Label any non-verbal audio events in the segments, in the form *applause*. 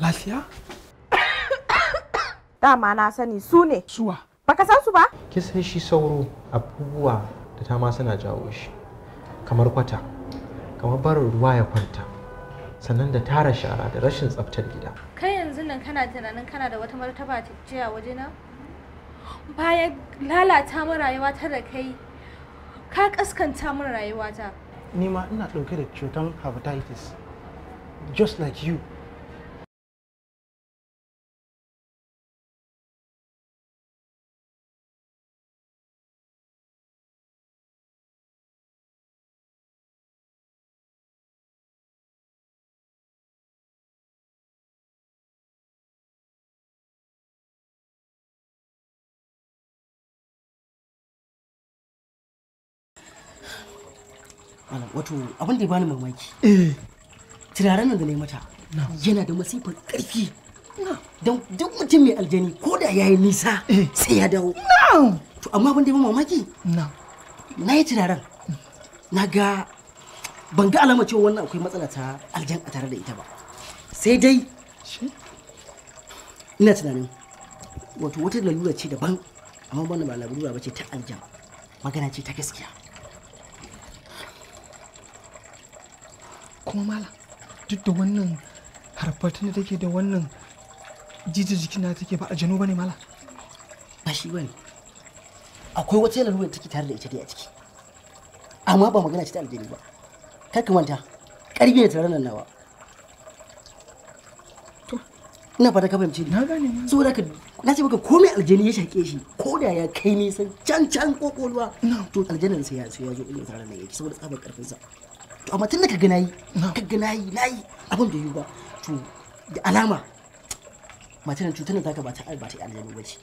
Lafiya? *coughs* Dama na sani su ne. Suwa. Baka san su ba? Ki san shi sauro abubuwa da ta ma suna jawo shi. Kamar kwata, kamar barin ruwa ya kwanta, sannan da tara shara da rashin tsaftar gida. Kai yanzu nan kana tunanin kana da wata martaba jiya waje na? Bayan lalata mu rayuwa ta da kai, ka kaskanta min rayuwata. Ni ma ina ɗauke da cutar hepatitis, just like you. wato abin da ya bani mamaki eh. turaren nan da na yi mata yana da masifar ƙarfi don duk mutum mai aljani ko da ya yi nisa eh. sai ya dawo to amma abin da ya mamaki na yi turaren na ga ban ga alama cewa wannan akwai matsala ta aljan a tare da ita ba sai dai ina tunanin wato wata lalura ce daban amma na ba lalura ba ce ta aljan magana ce ta gaskiya kuma mala duk da wannan harfatun da take da wannan jijin jikin na take ba a jano bane mala ba shi bane akwai wata ruwan take tare da ita dai a ciki amma ba magana ce ta aljani ba kar ka manta karbi ne tare nan nawa ina fata ka fahimci na gane ma saboda ka na ce maka komai aljani ya shake shi ko da ya kai nisan can can kokolwa to aljinin sai ya sai ya zo ina tare nan yake saboda tsabar karfin sa to amma tun da ka gana yi ka gana yi abin da yi ba to da alama matan cutar nan taka ba ta ba ta aljanu ba ce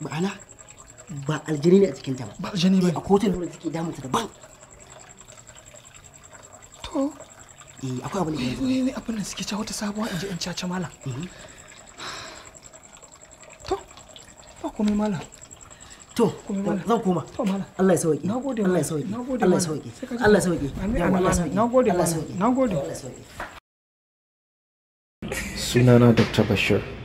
ma'ana ba aljani ne a cikin ta ba ba aljani ba eh, a kotun da take damunta daban to eh akwai abin da ke ne ne abin da suke cewa ta sabuwa in je in caca mala mm-hmm. to ba komai mala to zan koma Allah ya sauki Allah ya sauki Allah ya sauki Allah ya sauki Allah ya nagode sunana Dr. Bashir